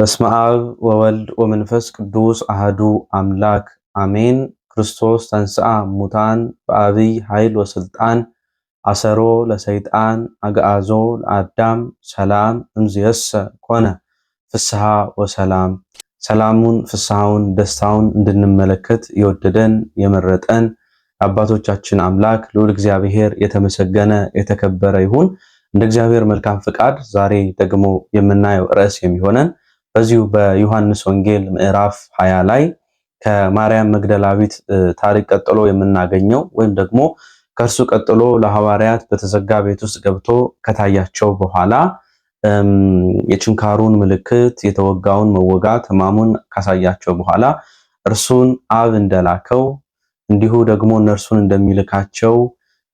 በስመ አብ ወወልድ ወመንፈስ ቅዱስ አህዱ አምላክ አሜን። ክርስቶስ ተንሥአ ሙታን በአብይ ኃይል ወስልጣን አሰሮ ለሰይጣን አግዓዞ ለአዳም ሰላም እምዝየሰ ኮነ ፍስሐ ወሰላም። ሰላሙን ፍስሐውን ደስታውን እንድንመለከት የወደደን የመረጠን አባቶቻችን አምላክ ልዑል እግዚአብሔር የተመሰገነ የተከበረ ይሁን። እንደ እግዚአብሔር መልካም ፍቃድ ዛሬ ደግሞ የምናየው ርዕስ የሚሆነን በዚሁ በዮሐንስ ወንጌል ምዕራፍ ሀያ ላይ ከማርያም መግደላዊት ታሪክ ቀጥሎ የምናገኘው ወይም ደግሞ ከእርሱ ቀጥሎ ለሐዋርያት በተዘጋ ቤት ውስጥ ገብቶ ከታያቸው በኋላ የችንካሩን ምልክት የተወጋውን መወጋት ሕማሙን ካሳያቸው በኋላ እርሱን አብ እንደላከው እንዲሁ ደግሞ እነርሱን እንደሚልካቸው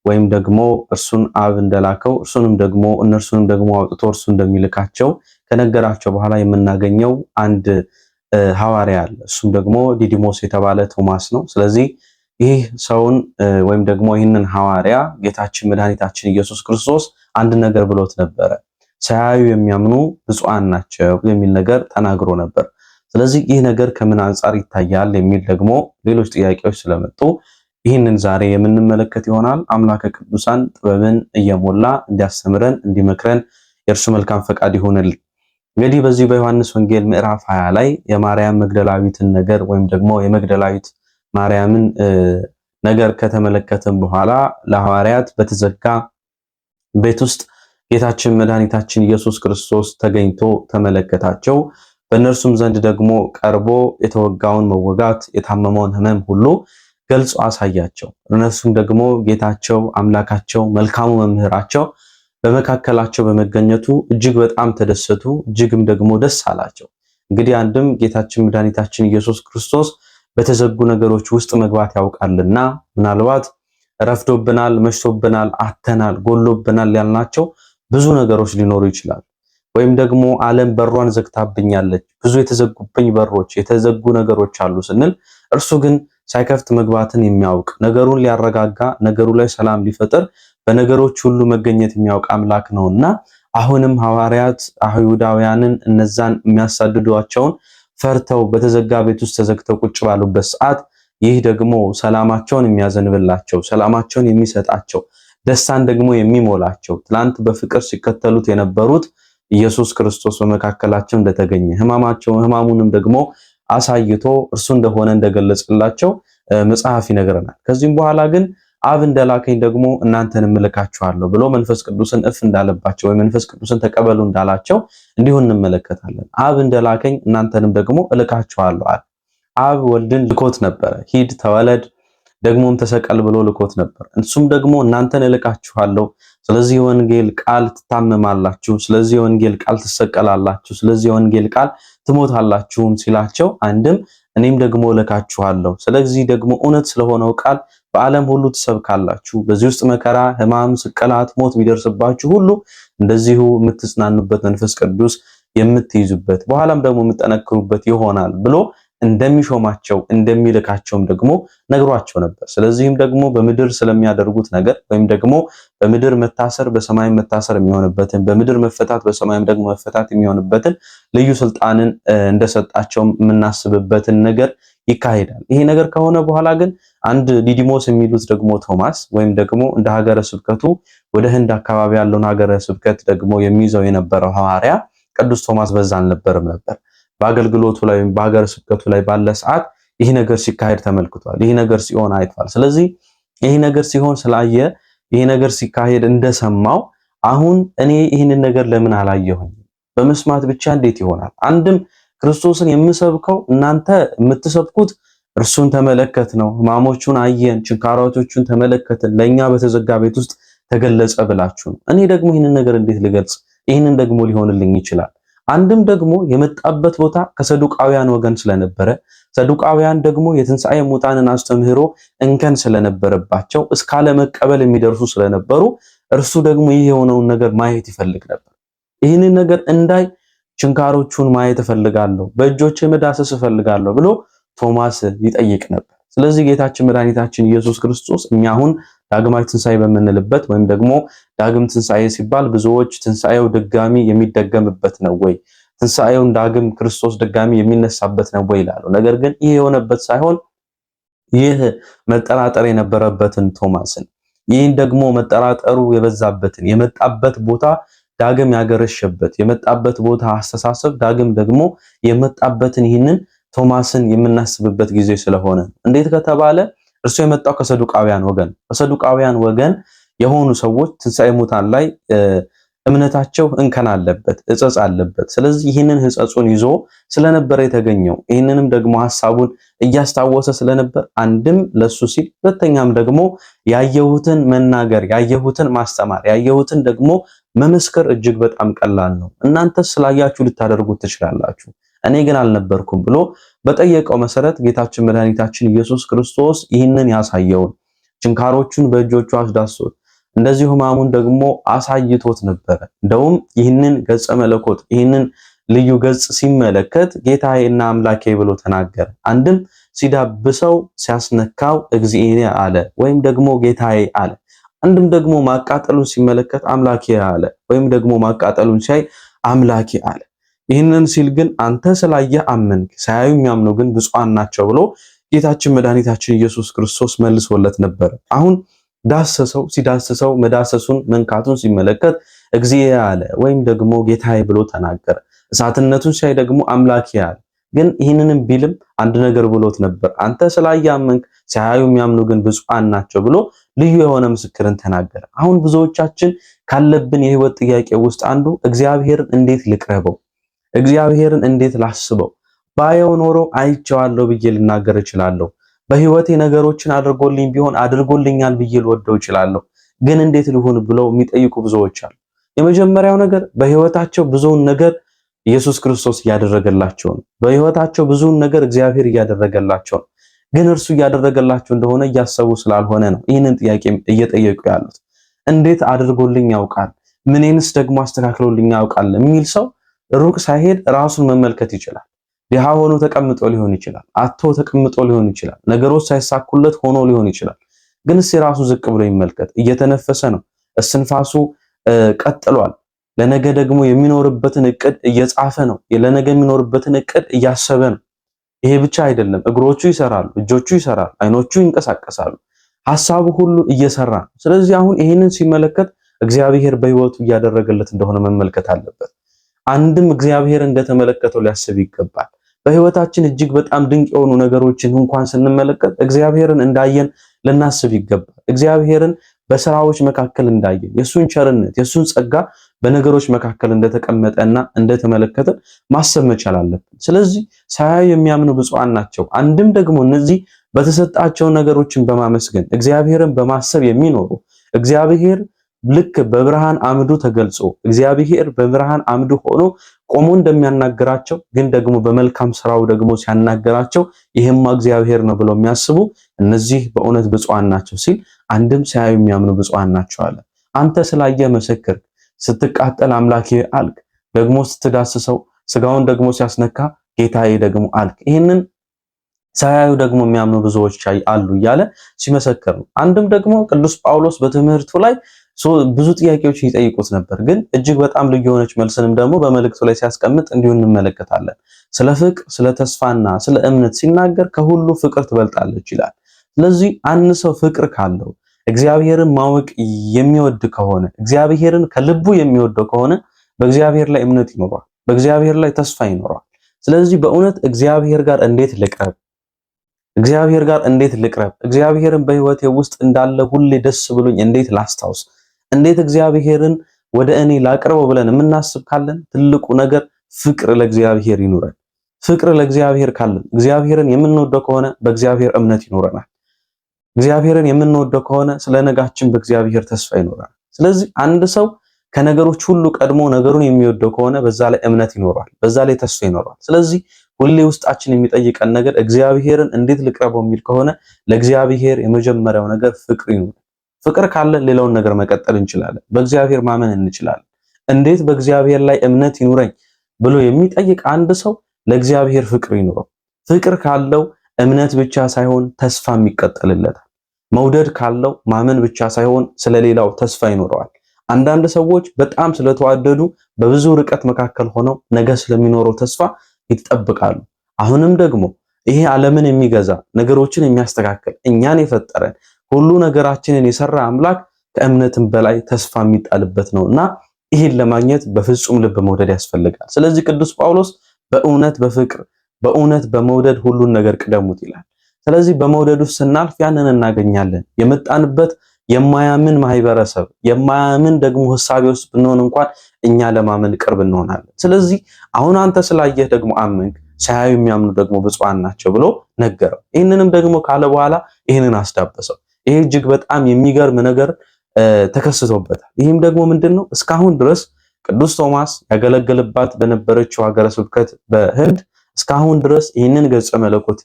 ወይም ደግሞ እርሱን አብ እንደላከው እርሱንም ደግሞ እነርሱንም ደግሞ አውጥቶ እርሱ እንደሚልካቸው ከነገራቸው በኋላ የምናገኘው አንድ ሐዋርያ አለ። እሱም ደግሞ ዲዲሞስ የተባለ ቶማስ ነው። ስለዚህ ይህ ሰውን ወይም ደግሞ ይህንን ሐዋርያ ጌታችን መድኃኒታችን ኢየሱስ ክርስቶስ አንድ ነገር ብሎት ነበረ። ሳያዩ የሚያምኑ ብፁዓን ናቸው የሚል ነገር ተናግሮ ነበር። ስለዚህ ይህ ነገር ከምን አንጻር ይታያል የሚል ደግሞ ሌሎች ጥያቄዎች ስለመጡ ይህንን ዛሬ የምንመለከት ይሆናል። አምላከ ቅዱሳን ጥበብን እየሞላ እንዲያስተምረን እንዲመክረን የእርሱ መልካም ፈቃድ ይሆንልን። እንግዲህ በዚህ በዮሐንስ ወንጌል ምዕራፍ 20 ላይ የማርያም መግደላዊትን ነገር ወይም ደግሞ የመግደላዊት ማርያምን ነገር ከተመለከተም በኋላ ለሐዋርያት በተዘጋ ቤት ውስጥ ጌታችን መድኃኒታችን ኢየሱስ ክርስቶስ ተገኝቶ ተመለከታቸው። በእነርሱም ዘንድ ደግሞ ቀርቦ የተወጋውን መወጋት፣ የታመመውን ሕመም ሁሉ ገልጾ አሳያቸው። እነርሱም ደግሞ ጌታቸው አምላካቸው መልካሙ መምህራቸው በመካከላቸው በመገኘቱ እጅግ በጣም ተደሰቱ፣ እጅግም ደግሞ ደስ አላቸው። እንግዲህ አንድም ጌታችን መድኃኒታችን ኢየሱስ ክርስቶስ በተዘጉ ነገሮች ውስጥ መግባት ያውቃልና ምናልባት ረፍዶብናል፣ መሽቶብናል፣ አተናል፣ ጎሎብናል ያልናቸው ብዙ ነገሮች ሊኖሩ ይችላል። ወይም ደግሞ ዓለም በሯን ዘግታብኛለች፣ ብዙ የተዘጉብኝ በሮች የተዘጉ ነገሮች አሉ ስንል እርሱ ግን ሳይከፍት መግባትን የሚያውቅ ነገሩን ሊያረጋጋ ነገሩ ላይ ሰላም ሊፈጥር በነገሮች ሁሉ መገኘት የሚያውቅ አምላክ ነውና አሁንም ሐዋርያት አይሁዳውያንን እነዛን የሚያሳድዷቸውን ፈርተው በተዘጋ ቤት ውስጥ ተዘግተው ቁጭ ባሉበት ሰዓት ይህ ደግሞ ሰላማቸውን የሚያዘንብላቸው፣ ሰላማቸውን የሚሰጣቸው፣ ደስታን ደግሞ የሚሞላቸው ትላንት በፍቅር ሲከተሉት የነበሩት ኢየሱስ ክርስቶስ በመካከላቸው እንደተገኘ ህማማቸው ህማሙንም ደግሞ አሳይቶ እርሱ እንደሆነ እንደገለጽላቸው መጽሐፍ ይነግረናል። ከዚህም በኋላ ግን አብ እንደላከኝ ደግሞ እናንተን እምልካችኋለሁ ብሎ መንፈስ ቅዱስን እፍ እንዳለባቸው ወይ መንፈስ ቅዱስን ተቀበሉ እንዳላቸው እንዲሁ እንመለከታለን። አብ እንደላከኝ እናንተንም ደግሞ እልካችኋለሁ አለ። አብ ወልድን ልኮት ነበረ፣ ሂድ ተወለድ፣ ደግሞም ተሰቀል ብሎ ልኮት ነበር። እሱም ደግሞ እናንተን እልካችኋለሁ፣ ስለዚህ የወንጌል ቃል ትታመማላችሁ፣ ስለዚህ የወንጌል ቃል ትሰቀላላችሁ፣ ስለዚህ የወንጌል ቃል ትሞታላችሁም ሲላቸው አንድም እኔም ደግሞ እልካችኋለሁ፣ ስለዚህ ደግሞ እውነት ስለሆነው ቃል በዓለም ሁሉ ትሰብካላችሁ፣ በዚህ ውስጥ መከራ፣ ህማም ስቅላት፣ ሞት ቢደርስባችሁ ሁሉ እንደዚሁ የምትጽናኑበት መንፈስ ቅዱስ የምትይዙበት በኋላም ደግሞ የምትጠነክሩበት ይሆናል ብሎ እንደሚሾማቸው እንደሚልካቸውም ደግሞ ነግሯቸው ነበር። ስለዚህም ደግሞ በምድር ስለሚያደርጉት ነገር ወይም ደግሞ በምድር መታሰር በሰማይም መታሰር የሚሆንበትን በምድር መፈታት በሰማይም ደግሞ መፈታት የሚሆንበትን ልዩ ስልጣንን እንደሰጣቸውም የምናስብበትን ነገር ይካሄዳል። ይሄ ነገር ከሆነ በኋላ ግን አንድ ዲዲሞስ የሚሉት ደግሞ ቶማስ ወይም ደግሞ እንደ ሀገረ ስብከቱ ወደ ህንድ አካባቢ ያለውን ሀገረ ስብከት ደግሞ የሚይዘው የነበረው ሐዋርያ ቅዱስ ቶማስ በዛ አልነበርም ነበር በአገልግሎቱ ላይ ወይም በሀገረ ስብከቱ ላይ ባለ ሰዓት ይህ ነገር ሲካሄድ ተመልክቷል። ይህ ነገር ሲሆን አይቷል። ስለዚህ ይህ ነገር ሲሆን ስላየ ይህ ነገር ሲካሄድ እንደሰማው አሁን እኔ ይህንን ነገር ለምን አላየሁኝ? በመስማት ብቻ እንዴት ይሆናል? አንድም ክርስቶስን የምሰብከው እናንተ የምትሰብኩት እርሱን ተመለከት ነው። ህማሞቹን አየን፣ ችንካሮቹን ተመለከትን፣ ለእኛ በተዘጋ ቤት ውስጥ ተገለጸ ብላችሁ ነው። እኔ ደግሞ ይህንን ነገር እንዴት ልገልጽ? ይህንን ደግሞ ሊሆንልኝ ይችላል አንድም ደግሞ የመጣበት ቦታ ከሰዱቃውያን ወገን ስለነበረ ሰዱቃውያን ደግሞ የትንሣኤ ሙታንን አስተምህሮ እንከን ስለነበረባቸው እስካለመቀበል የሚደርሱ ስለነበሩ እርሱ ደግሞ ይህ የሆነውን ነገር ማየት ይፈልግ ነበር። ይህንን ነገር እንዳይ ችንካሮቹን ማየት እፈልጋለሁ፣ በእጆቼ መዳሰስ እፈልጋለሁ ብሎ ቶማስ ይጠይቅ ነበር። ስለዚህ ጌታችን መድኃኒታችን ኢየሱስ ክርስቶስ እኛ አሁን ዳግማዊ ትንሳኤ በምንልበት ወይም ደግሞ ዳግም ትንሳኤ ሲባል ብዙዎች ትንሳኤው ድጋሚ የሚደገምበት ነው ወይ ትንሳኤውን ዳግም ክርስቶስ ድጋሚ የሚነሳበት ነው ወይ ይላሉ። ነገር ግን ይህ የሆነበት ሳይሆን ይህ መጠራጠር የነበረበትን ቶማስን ይህን ደግሞ መጠራጠሩ የበዛበትን የመጣበት ቦታ ዳግም ያገረሸበት የመጣበት ቦታ አስተሳሰብ ዳግም ደግሞ የመጣበትን ይህንን ቶማስን የምናስብበት ጊዜ ስለሆነ እንዴት ከተባለ እርሱ የመጣው ከሰዱቃውያን ወገን ከሰዱቃውያን ወገን የሆኑ ሰዎች ትንሣኤ ሙታን ላይ እምነታቸው እንከን አለበት፣ እጸጽ አለበት። ስለዚህ ይህንን ህጸጹን ይዞ ስለነበረ የተገኘው ይህንንም ደግሞ ሐሳቡን እያስታወሰ ስለነበር አንድም ለሱ ሲል፣ ሁለተኛም ደግሞ ያየሁትን መናገር ያየሁትን ማስተማር ያየሁትን ደግሞ መመስከር እጅግ በጣም ቀላል ነው። እናንተ ስላያችሁ ልታደርጉት ትችላላችሁ። እኔ ግን አልነበርኩም ብሎ በጠየቀው መሰረት ጌታችን መድኃኒታችን ኢየሱስ ክርስቶስ ይህንን ያሳየውን ችንካሮቹን በእጆቹ አስዳሶት እንደዚሁ ሕማሙን ደግሞ አሳይቶት ነበረ። እንደውም ይህንን ገጸ መለኮት ይህንን ልዩ ገጽ ሲመለከት ጌታዬ እና አምላኬ ብሎ ተናገረ። አንድም ሲዳብሰው ሲያስነካው እግዚአብሔር አለ ወይም ደግሞ ጌታዬ አለ። አንድም ደግሞ ማቃጠሉን ሲመለከት አምላኬ አለ ወይም ደግሞ ማቃጠሉን ሲያይ አምላኬ አለ። ይህንን ሲል ግን አንተ ስላየህ አመንክ፣ ሳያዩ የሚያምኑ ግን ብፁዓን ናቸው ብሎ ጌታችን መድኃኒታችን ኢየሱስ ክርስቶስ መልሶለት ነበር። አሁን ዳሰሰው። ሲዳሰሰው መዳሰሱን መንካቱን ሲመለከት እግዚአ አለ ወይም ደግሞ ጌታዬ ብሎ ተናገረ። እሳትነቱን ሲያይ ደግሞ አምላክ አለ። ግን ይህንንም ቢልም አንድ ነገር ብሎት ነበር። አንተ ስላየህ አመንክ፣ ሳያዩ የሚያምኑ ግን ብፁዓን ናቸው ብሎ ልዩ የሆነ ምስክርን ተናገረ። አሁን ብዙዎቻችን ካለብን የህይወት ጥያቄ ውስጥ አንዱ እግዚአብሔርን እንዴት ልቅረበው እግዚአብሔርን እንዴት ላስበው? ባየው ኖሮ አይቼዋለሁ ብዬ ልናገር እችላለሁ። በህይወቴ ነገሮችን አድርጎልኝ ቢሆን አድርጎልኛል ብዬ ልወደው እችላለሁ። ግን እንዴት ልሁን ብለው የሚጠይቁ ብዙዎች አሉ። የመጀመሪያው ነገር በህይወታቸው ብዙውን ነገር ኢየሱስ ክርስቶስ እያደረገላቸው ነው። በህይወታቸው ብዙውን ነገር እግዚአብሔር እያደረገላቸው ነው። ግን እርሱ እያደረገላቸው እንደሆነ እያሰቡ ስላልሆነ ነው ይህንን ጥያቄ እየጠየቁ ያሉት። እንዴት አድርጎልኝ ያውቃል? ምኔንስ ደግሞ አስተካክሎልኝ ያውቃል የሚል ሰው ሩቅ ሳይሄድ ራሱን መመልከት ይችላል። ድሃ ሆኖ ተቀምጦ ሊሆን ይችላል። አቶ ተቀምጦ ሊሆን ይችላል። ነገሮች ሳይሳኩለት ሆኖ ሊሆን ይችላል። ግን እስኪ ራሱ ዝቅ ብሎ ይመልከት። እየተነፈሰ ነው። እስንፋሱ ቀጥሏል። ለነገ ደግሞ የሚኖርበትን እቅድ እየጻፈ ነው። ለነገ የሚኖርበትን እቅድ እያሰበ ነው። ይሄ ብቻ አይደለም። እግሮቹ ይሰራሉ፣ እጆቹ ይሰራሉ፣ አይኖቹ ይንቀሳቀሳሉ። ሐሳቡ ሁሉ እየሰራ ነው። ስለዚህ አሁን ይሄንን ሲመለከት እግዚአብሔር በህይወቱ እያደረገለት እንደሆነ መመልከት አለበት። አንድም እግዚአብሔር እንደተመለከተው ሊያስብ ይገባል። በህይወታችን እጅግ በጣም ድንቅ የሆኑ ነገሮችን እንኳን ስንመለከት እግዚአብሔርን እንዳየን ልናስብ ይገባል። እግዚአብሔርን በስራዎች መካከል እንዳየን የእሱን ቸርነት የእሱን ጸጋ በነገሮች መካከል እንደተቀመጠና እንደተመለከተን ማሰብ መቻል አለብን። ስለዚህ ሳያዩ የሚያምኑ ብፁዓን ናቸው። አንድም ደግሞ እነዚህ በተሰጣቸው ነገሮችን በማመስገን እግዚአብሔርን በማሰብ የሚኖሩ እግዚአብሔር ልክ በብርሃን አምዱ ተገልጾ እግዚአብሔር በብርሃን አምዱ ሆኖ ቆሞ እንደሚያናገራቸው ግን ደግሞ በመልካም ስራው ደግሞ ሲያናገራቸው ይሄማ እግዚአብሔር ነው ብለው የሚያስቡ እነዚህ በእውነት ብፁዓን ናቸው ሲል አንድም ሲያዩ የሚያምኑ ብፁዓን ናቸው አለ። አንተ ስላየ መሰክር፣ ስትቃጠል አምላኬ አልክ፣ ደግሞ ስትዳስሰው ስጋውን ደግሞ ሲያስነካ ጌታዬ ደግሞ አልክ። ይህንን ሳያዩ ደግሞ የሚያምኑ ብዙዎች አሉ እያለ ሲመሰክር ነው። አንድም ደግሞ ቅዱስ ጳውሎስ በትምህርቱ ላይ ብዙ ጥያቄዎች ይጠይቁት ነበር፣ ግን እጅግ በጣም ልዩ የሆነች መልስንም ደግሞ በመልእክቱ ላይ ሲያስቀምጥ እንዲሁ እንመለከታለን። ስለ ፍቅር፣ ስለ ተስፋና ስለ እምነት ሲናገር ከሁሉ ፍቅር ትበልጣለች ይላል። ስለዚህ አንድ ሰው ፍቅር ካለው እግዚአብሔርን ማወቅ የሚወድ ከሆነ እግዚአብሔርን ከልቡ የሚወደው ከሆነ በእግዚአብሔር ላይ እምነት ይኖረዋል፣ በእግዚአብሔር ላይ ተስፋ ይኖረዋል። ስለዚህ በእውነት እግዚአብሔር ጋር እንዴት ልቅረብ እግዚአብሔር ጋር እንዴት ልቅረብ? እግዚአብሔርን በህይወቴ ውስጥ እንዳለ ሁሌ ደስ ብሎኝ እንዴት ላስታውስ? እንዴት እግዚአብሔርን ወደ እኔ ላቅርበው ብለን የምናስብ ካለን ትልቁ ነገር ፍቅር ለእግዚአብሔር ይኑረን። ፍቅር ለእግዚአብሔር ካለን እግዚአብሔርን የምንወደው ከሆነ በእግዚአብሔር እምነት ይኖረናል። እግዚአብሔርን የምንወደው ከሆነ ስለ ነጋችን በእግዚአብሔር ተስፋ ይኖረናል። ስለዚህ አንድ ሰው ከነገሮች ሁሉ ቀድሞ ነገሩን የሚወደው ከሆነ በዛ ላይ እምነት ይኖረዋል፣ በዛ ላይ ተስፋ ይኖረዋል። ስለዚህ ሁሌ ውስጣችን የሚጠይቀን ነገር እግዚአብሔርን እንዴት ልቅረበው የሚል ከሆነ ለእግዚአብሔር የመጀመሪያው ነገር ፍቅር ይኑር። ፍቅር ካለን ሌላውን ነገር መቀጠል እንችላለን። በእግዚአብሔር ማመን እንችላለን። እንዴት በእግዚአብሔር ላይ እምነት ይኑረኝ ብሎ የሚጠይቅ አንድ ሰው ለእግዚአብሔር ፍቅር ይኑረው። ፍቅር ካለው እምነት ብቻ ሳይሆን ተስፋም ይቀጠልለታል። መውደድ ካለው ማመን ብቻ ሳይሆን ስለሌላው ተስፋ ይኖረዋል። አንዳንድ ሰዎች በጣም ስለተዋደዱ በብዙ ርቀት መካከል ሆነው ነገ ስለሚኖረው ተስፋ ይጠብቃሉ። አሁንም ደግሞ ይሄ ዓለምን የሚገዛ ነገሮችን የሚያስተካክል እኛን የፈጠረን ሁሉ ነገራችንን የሰራ አምላክ ከእምነትም በላይ ተስፋ የሚጣልበት እና ይህን ለማግኘት በፍጹም ልብ መውደድ ያስፈልጋል። ስለዚህ ቅዱስ ጳውሎስ በእውነት በፍቅር በእውነት በመውደድ ሁሉን ነገር ቅደሙት ይላል። ስለዚህ በመውደዱ ስናልፍ ያንን እናገኛለን። የመጣንበት የማያምን ማህበረሰብ የማያምን ደግሞ ህሳቤ ውስጥ ብንሆን እንኳን እኛ ለማመን ቅርብ እንሆናለን። ስለዚህ አሁን አንተ ስላየህ ደግሞ አመንክ፣ ሳያዩ የሚያምኑ ደግሞ ብፁዓን ናቸው ብሎ ነገረው። ይህንንም ደግሞ ካለ በኋላ ይህንን አስዳበሰው። ይሄ እጅግ በጣም የሚገርም ነገር ተከስቶበታል። ይህም ደግሞ ምንድን ነው እስካሁን ድረስ ቅዱስ ቶማስ ያገለገለባት በነበረችው ሀገረ ስብከት በህንድ እስካሁን ድረስ ይህንን ገጸ መለኮት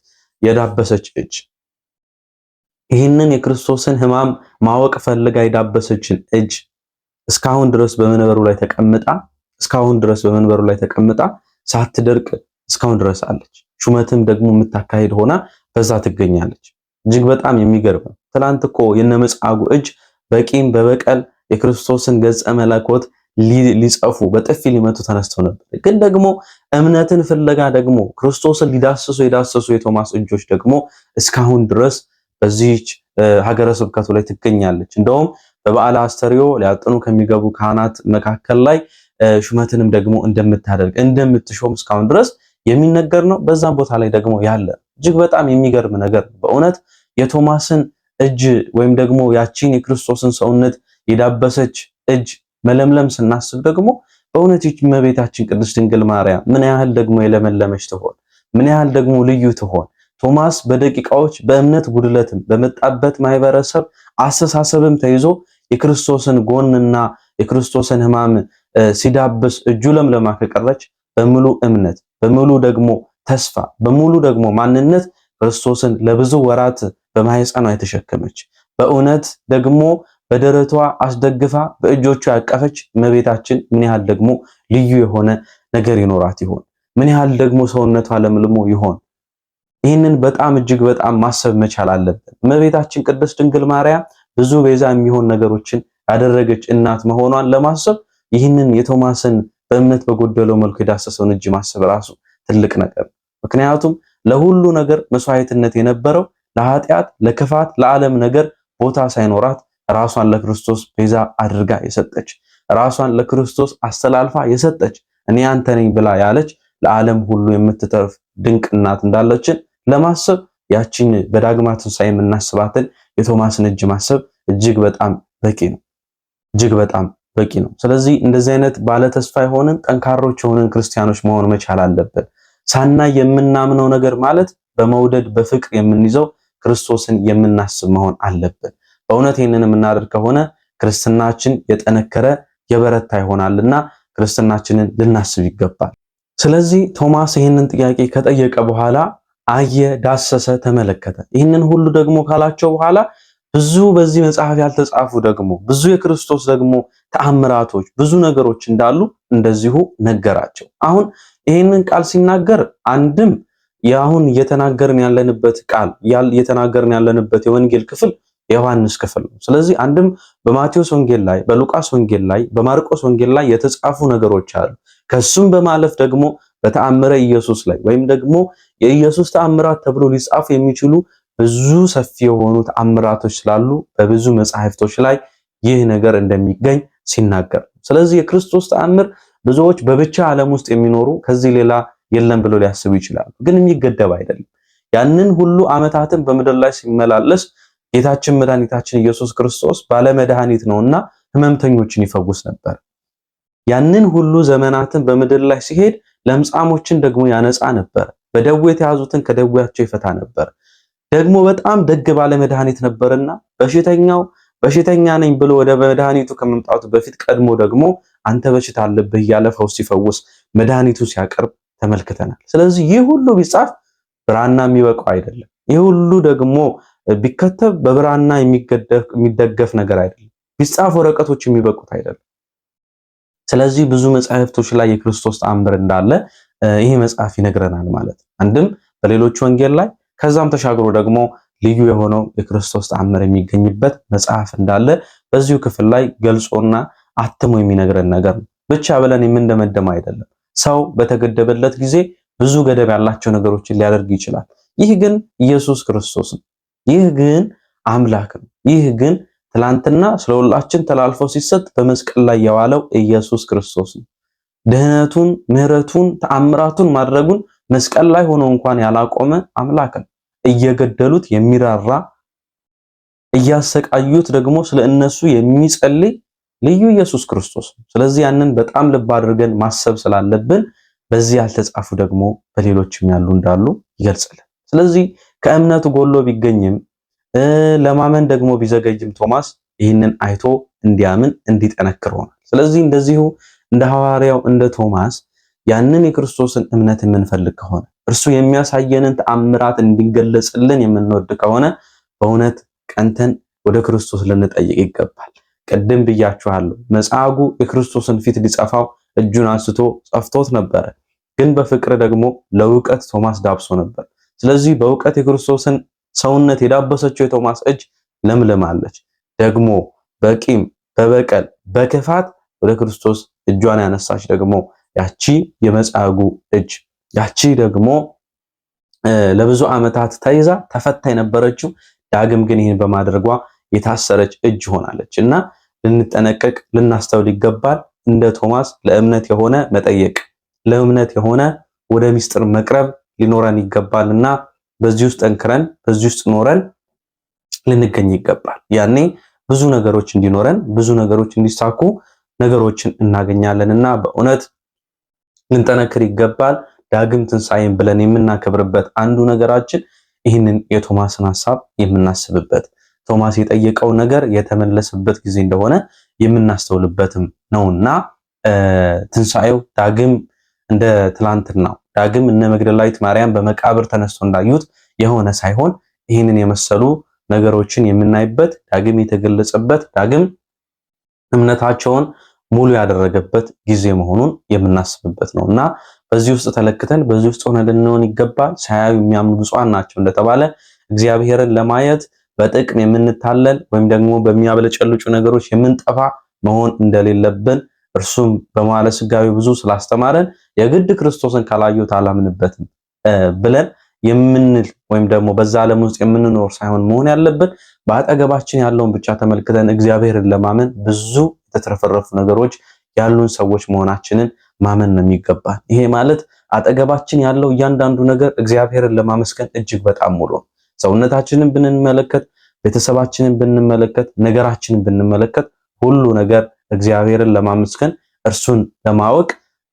የዳበሰች እጅ ይህንን የክርስቶስን ህማም ማወቅ ፈልጋ የዳበሰችን እጅ እስካሁን ድረስ በመንበሩ ላይ ተቀምጣ እስካሁን ድረስ በመንበሩ ላይ ተቀምጣ ሳትደርቅ እስካሁን ድረስ አለች። ሹመትም ደግሞ የምታካሄድ ሆና በዛ ትገኛለች። እጅግ በጣም የሚገርም ነው። ትላንት እኮ የነመጻጉ እጅ በቂም በበቀል የክርስቶስን ገጸ መለኮት ሊጸፉ በጥፊ ሊመቱ ተነስተው ነበር። ግን ደግሞ እምነትን ፍለጋ ደግሞ ክርስቶስን ሊዳስሱ የዳሰሱ የቶማስ እጆች ደግሞ እስካሁን ድረስ በዚህች ሀገረ ስብከቱ ላይ ትገኛለች። እንደውም በበዓለ አስተሪዮ ሊያጥኑ ከሚገቡ ካህናት መካከል ላይ ሹመትንም ደግሞ እንደምታደርግ እንደምትሾም እስካሁን ድረስ የሚነገር ነው። በዛም ቦታ ላይ ደግሞ ያለ እጅግ በጣም የሚገርም ነገር በእውነት የቶማስን እጅ ወይም ደግሞ ያቺን የክርስቶስን ሰውነት የዳበሰች እጅ መለምለም ስናስብ ደግሞ በእውነት እመቤታችን ቅድስት ድንግል ማርያም ምን ያህል ደግሞ የለመለመች ትሆን፣ ምን ያህል ደግሞ ልዩ ትሆን። ቶማስ በደቂቃዎች በእምነት ጉድለትም በመጣበት ማህበረሰብ አስተሳሰብም ተይዞ የክርስቶስን ጎንና የክርስቶስን ሕማም ሲዳብስ እጁ ለምለማ ከቀረች በሙሉ እምነት በሙሉ ደግሞ ተስፋ በሙሉ ደግሞ ማንነት ክርስቶስን ለብዙ ወራት በማህፀኗ የተሸከመች በእውነት ደግሞ በደረቷ አስደግፋ በእጆቿ ያቀፈች እመቤታችን ምን ያህል ደግሞ ልዩ የሆነ ነገር ይኖራት ይሆን? ምን ያህል ደግሞ ሰውነቷ ለምልሞ ይሆን? ይህንን በጣም እጅግ በጣም ማሰብ መቻል አለብን። እመቤታችን ቅድስት ድንግል ማርያም ብዙ ቤዛ የሚሆን ነገሮችን ያደረገች እናት መሆኗን ለማሰብ ይህንን የቶማስን በእምነት በጎደለው መልኩ የዳሰሰውን እጅ ማሰብ ራሱ ትልቅ ነገር፣ ምክንያቱም ለሁሉ ነገር መስዋዕትነት የነበረው ለኃጢአት፣ ለክፋት፣ ለዓለም ነገር ቦታ ሳይኖራት ራሷን ለክርስቶስ ቤዛ አድርጋ የሰጠች ራሷን ለክርስቶስ አስተላልፋ የሰጠች እኔ አንተ ነኝ ብላ ያለች ለዓለም ሁሉ የምትተርፍ ድንቅ እናት እንዳለችን ለማሰብ ያችን በዳግማ ትንሣኤ የምናስባትን የቶማስን እጅ ማሰብ እጅግ በጣም በቂ ነው። እጅግ በጣም በቂ ነው። ስለዚህ እንደዚህ አይነት ባለ ተስፋ የሆንን ጠንካሮች የሆንን ክርስቲያኖች መሆን መቻል አለብን። ሳናይ የምናምነው ነገር ማለት በመውደድ በፍቅር የምንይዘው ክርስቶስን የምናስብ መሆን አለብን። በእውነት ይህንን የምናደርግ ከሆነ ክርስትናችን የጠነከረ የበረታ ይሆናልና ክርስትናችንን ልናስብ ይገባል። ስለዚህ ቶማስ ይህንን ጥያቄ ከጠየቀ በኋላ አየ፣ ዳሰሰ፣ ተመለከተ። ይህንን ሁሉ ደግሞ ካላቸው በኋላ ብዙ በዚህ መጽሐፍ ያልተጻፉ ደግሞ ብዙ የክርስቶስ ደግሞ ተአምራቶች ብዙ ነገሮች እንዳሉ እንደዚሁ ነገራቸው። አሁን ይህንን ቃል ሲናገር አንድም የአሁን እየተናገርን ያለንበት ቃል እየተናገርን ያለንበት የወንጌል ክፍል የዮሐንስ ክፍል ነው። ስለዚህ አንድም በማቴዎስ ወንጌል ላይ፣ በሉቃስ ወንጌል ላይ፣ በማርቆስ ወንጌል ላይ የተጻፉ ነገሮች አሉ። ከሱም በማለፍ ደግሞ በተአምረ ኢየሱስ ላይ ወይም ደግሞ የኢየሱስ ተአምራት ተብሎ ሊጻፉ የሚችሉ ብዙ ሰፊ የሆኑ ተአምራቶች ስላሉ በብዙ መጻሕፍቶች ላይ ይህ ነገር እንደሚገኝ ሲናገር፣ ስለዚህ የክርስቶስ ተአምር ብዙዎች በብቻ ዓለም ውስጥ የሚኖሩ ከዚህ ሌላ የለም ብለው ሊያስቡ ይችላሉ። ግን የሚገደብ አይደለም። ያንን ሁሉ ዓመታትን በምድር ላይ ሲመላለስ ጌታችን መድኃኒታችን ኢየሱስ ክርስቶስ ባለመድኃኒት ነውና ህመምተኞችን ይፈውስ ነበር። ያንን ሁሉ ዘመናትን በምድር ላይ ሲሄድ ለምጻሞችን ደግሞ ያነጻ ነበር። በደዌ የተያዙትን ከደዌያቸው ይፈታ ነበር። ደግሞ በጣም ደግ ባለመድኃኒት ነበርና በሽተኛው በሽተኛ ነኝ ብሎ ወደ መድኃኒቱ ከመምጣቱ በፊት ቀድሞ ደግሞ አንተ በሽታ አለብህ እያለ ፈውስ ሲፈውስ መድኃኒቱ ሲያቀርብ ተመልክተናል። ስለዚህ ይህ ሁሉ ቢጻፍ ብራና የሚበቃው አይደለም። ይህ ሁሉ ደግሞ ቢከተብ በብራና የሚደገፍ ነገር አይደለም። ቢጻፍ ወረቀቶች የሚበቁት አይደለም። ስለዚህ ብዙ መጻሕፍቶች ላይ የክርስቶስ ተአምር እንዳለ ይሄ መጽሐፍ ይነግረናል ማለት ነው። አንድም በሌሎች ወንጌል ላይ ከዛም ተሻግሮ ደግሞ ልዩ የሆነው የክርስቶስ ተአምር የሚገኝበት መጽሐፍ እንዳለ በዚሁ ክፍል ላይ ገልጾና አትሞ የሚነግረን ነገር ነው። ብቻ ብለን የምንደመደም አይደለም። ሰው በተገደበለት ጊዜ ብዙ ገደብ ያላቸው ነገሮችን ሊያደርግ ይችላል። ይህ ግን ኢየሱስ ክርስቶስ ነው። ይህ ግን አምላክ ነው። ይህ ግን ትላንትና ስለሁላችን ተላልፎ ሲሰጥ በመስቀል ላይ የዋለው ኢየሱስ ክርስቶስ ነው። ድህነቱን፣ ምሕረቱን፣ ተአምራቱን ማድረጉን መስቀል ላይ ሆኖ እንኳን ያላቆመ አምላክ ነው። እየገደሉት የሚራራ እያሰቃዩት ደግሞ ስለ እነሱ የሚጸልይ ልዩ ኢየሱስ ክርስቶስ ነው። ስለዚህ ያንን በጣም ልብ አድርገን ማሰብ ስላለብን በዚህ ያልተጻፉ ደግሞ በሌሎችም ያሉ እንዳሉ ይገልጽልን። ስለዚህ ከእምነቱ ጎሎ ቢገኝም ለማመን ደግሞ ቢዘገይም ቶማስ ይህንን አይቶ እንዲያምን እንዲጠነክር ሆናል። ስለዚህ እንደዚሁ እንደ ሐዋርያው እንደ ቶማስ ያንን የክርስቶስን እምነት የምንፈልግ ከሆነ እርሱ የሚያሳየንን ተአምራት እንዲገለጽልን የምንወድ ከሆነ በእውነት ቀንተን ወደ ክርስቶስ ልንጠይቅ ይገባል። ቅድም ብያችኋለሁ። መጻጉ የክርስቶስን ፊት ሊጸፋው እጁን አንስቶ ጸፍቶት ነበረ፣ ግን በፍቅር ደግሞ ለእውቀት ቶማስ ዳብሶ ነበር። ስለዚህ በእውቀት የክርስቶስን ሰውነት የዳበሰችው የቶማስ እጅ ለምልማለች። ደግሞ በቂም በበቀል በክፋት ወደ ክርስቶስ እጇን ያነሳች ደግሞ ያቺ የመጻጉ እጅ ያቺ ደግሞ ለብዙ ዓመታት ተይዛ ተፈታ የነበረችው ዳግም ግን ይህን በማድረጓ የታሰረች እጅ ሆናለች እና ልንጠነቀቅ ልናስተውል ይገባል። እንደ ቶማስ ለእምነት የሆነ መጠየቅ፣ ለእምነት የሆነ ወደ ሚስጥር መቅረብ ሊኖረን ይገባል እና በዚህ ውስጥ ጠንክረን በዚህ ውስጥ ኖረን ልንገኝ ይገባል። ያኔ ብዙ ነገሮች እንዲኖረን ብዙ ነገሮች እንዲሳኩ ነገሮችን እናገኛለን እና በእውነት ልንጠነክር ይገባል። ዳግም ትንሣኤን ብለን የምናከብርበት አንዱ ነገራችን ይህንን የቶማስን ሐሳብ የምናስብበት ቶማስ የጠየቀው ነገር የተመለሰበት ጊዜ እንደሆነ የምናስተውልበትም ነውና ትንሣኤው ዳግም እንደ ትላንትናው ዳግም እነ መግደላዊት ማርያም በመቃብር ተነስቶ እንዳዩት የሆነ ሳይሆን ይህንን የመሰሉ ነገሮችን የምናይበት ዳግም የተገለጸበት ዳግም እምነታቸውን ሙሉ ያደረገበት ጊዜ መሆኑን የምናስብበት ነው እና በዚህ ውስጥ ተለክተን በዚህ ውስጥ ሆነ ልንሆን ይገባል። ሳያዩ የሚያምኑ ብፁዓን ናቸው እንደተባለ እግዚአብሔርን ለማየት በጥቅም የምንታለል ወይም ደግሞ በሚያበለጨልጩ ነገሮች የምንጠፋ መሆን እንደሌለብን እርሱም በመዋለ ስጋዊ ብዙ ስላስተማረን የግድ ክርስቶስን ካላየሁት አላምንበትም ብለን የምንል ወይም ደግሞ በዛ ዓለም ውስጥ የምንኖር ሳይሆን መሆን ያለብን በአጠገባችን ያለውን ብቻ ተመልክተን እግዚአብሔርን ለማመን ብዙ የተትረፈረፉ ነገሮች ያሉን ሰዎች መሆናችንን ማመን ነው የሚገባን። ይሄ ማለት አጠገባችን ያለው እያንዳንዱ ነገር እግዚአብሔርን ለማመስገን እጅግ በጣም ሙሉ ነው። ሰውነታችንን ብንመለከት፣ ቤተሰባችንን ብንመለከት፣ ነገራችንን ብንመለከት ሁሉ ነገር እግዚአብሔርን ለማመስገን እርሱን ለማወቅ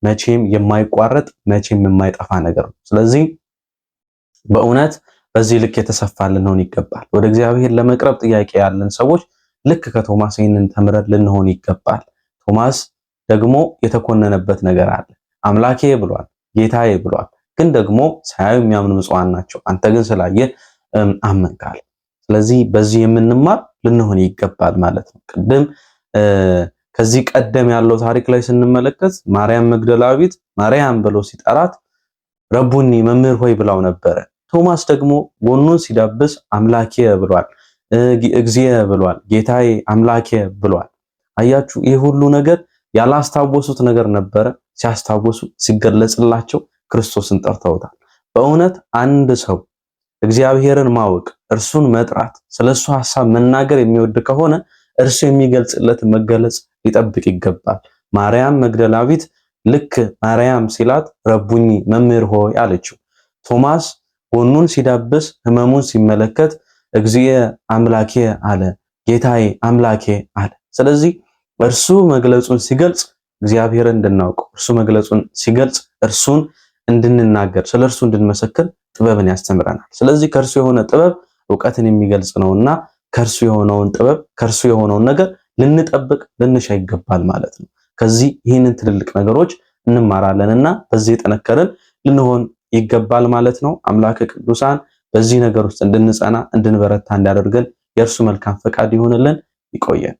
መቼም የማይቋረጥ መቼም የማይጠፋ ነገር ነው። ስለዚህ በእውነት በዚህ ልክ የተሰፋልን ሆን ይገባል። ወደ እግዚአብሔር ለመቅረብ ጥያቄ ያለን ሰዎች ልክ ከቶማስ ይህንን ተምረን ልንሆን ይገባል። ቶማስ ደግሞ የተኮነነበት ነገር አለ። አምላኬ ብሏል፣ ጌታዬ ብሏል። ግን ደግሞ ሳያዩ የሚያምኑ ምጽዋን ናቸው። አንተ ግን ስላየ አመንካል። ስለዚህ በዚህ የምንማር ልንሆን ይገባል ማለት ነው። ቅድም ከዚህ ቀደም ያለው ታሪክ ላይ ስንመለከት ማርያም መግደላዊት ማርያም ብሎ ሲጠራት ረቡኒ መምህር ሆይ ብላው ነበረ። ቶማስ ደግሞ ጎኑን ሲዳብስ አምላኬ ብሏል፣ እግዚአ ብሏል፣ ጌታዬ አምላኬ ብሏል። አያችሁ ይህ ሁሉ ነገር ያላስታወሱት ነገር ነበረ። ሲያስታወሱ ሲገለጽላቸው ክርስቶስን ጠርተውታል። በእውነት አንድ ሰው እግዚአብሔርን ማወቅ፣ እርሱን መጥራት፣ ስለሱ ሐሳብ መናገር የሚወድ ከሆነ እርሱ የሚገልጽለት መገለጽ ሊጠብቅ ይገባል። ማርያም መግደላዊት ልክ ማርያም ሲላት ረቡኝ መምህር ሆይ አለችው። ቶማስ ጎኑን ሲዳብስ ህመሙን ሲመለከት እግዚአ አምላኬ አለ፣ ጌታዬ አምላኬ አለ። ስለዚህ እርሱ መግለጹን ሲገልጽ እግዚአብሔርን እንድናውቅ፣ እርሱ መግለጹን ሲገልጽ እርሱን እንድንናገር፣ ስለ እርሱ እንድንመሰክር ጥበብን ያስተምረናል። ስለዚህ ከእርሱ የሆነ ጥበብ እውቀትን የሚገልጽ ነውና ከእርሱ የሆነውን ጥበብ ከእርሱ የሆነውን ነገር ልንጠብቅ ልንሻ ይገባል ማለት ነው። ከዚህ ይህንን ትልልቅ ነገሮች እንማራለንና በዚህ የጠነከርን ልንሆን ይገባል ማለት ነው። አምላከ ቅዱሳን በዚህ ነገር ውስጥ እንድንጸና እንድንበረታ እንዲያደርገን የእርሱ መልካም ፈቃድ ይሆንልን። ይቆየን።